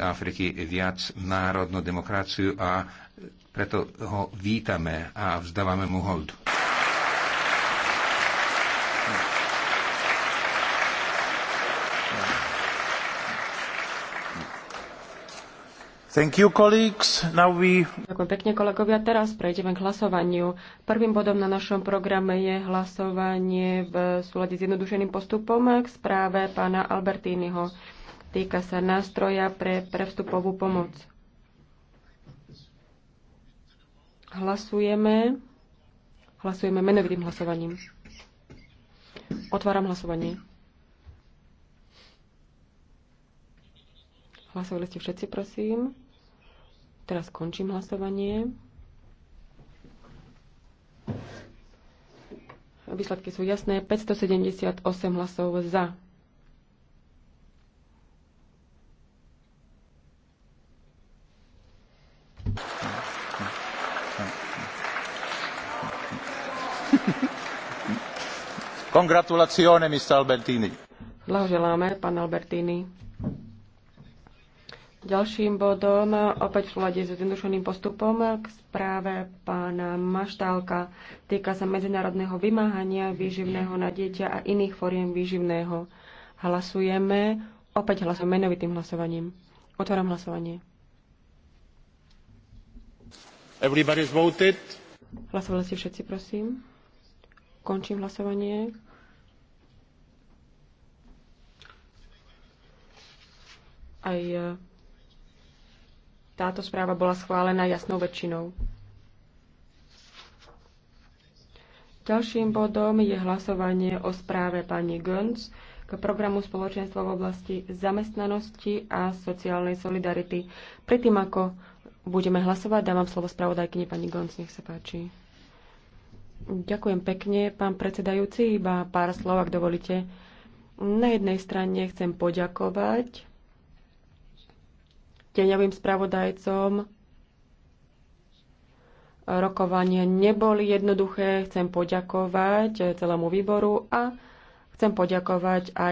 Afriky viac národnú demokraciu a preto ho vítame a vzdávame mu hold. Thank you, colleagues. Now we... Ďakujem pekne, kolegovia. Teraz prejdeme k hlasovaniu. Prvým bodom na našom programe je hlasovanie v súlade s jednodušeným postupom k správe pána Albertínyho. Týka sa nástroja pre prevstupovú pomoc. Hlasujeme. Hlasujeme menovitým hlasovaním. Otváram hlasovanie. Hlasovali ste všetci, prosím. Teraz končím hlasovanie. Výsledky sú jasné. 578 hlasov za, Congratulazione, Mr. Albertini. Blahoželáme, pán Albertini. Ďalším bodom, opäť v súlade s jednodušeným postupom, k správe pána Maštálka. Týka sa medzinárodného vymáhania výživného na dieťa a iných foriem výživného. Hlasujeme, opäť hlasujeme menovitým hlasovaním. Otváram hlasovanie. Everybody's voted. Hlasovali ste všetci, prosím. Končím hlasovanie. Aj e, táto správa bola schválená jasnou väčšinou. Ďalším bodom je hlasovanie o správe pani Gönz k programu spoločenstva v oblasti zamestnanosti a sociálnej solidarity. Predtým, ako budeme hlasovať, dávam slovo spravodajkyni pani Gönz, nech sa páči. Ďakujem pekne, pán predsedajúci. Iba pár slov, ak dovolíte. Na jednej strane chcem poďakovať deňovým spravodajcom. Rokovanie neboli jednoduché. Chcem poďakovať celému výboru a chcem poďakovať aj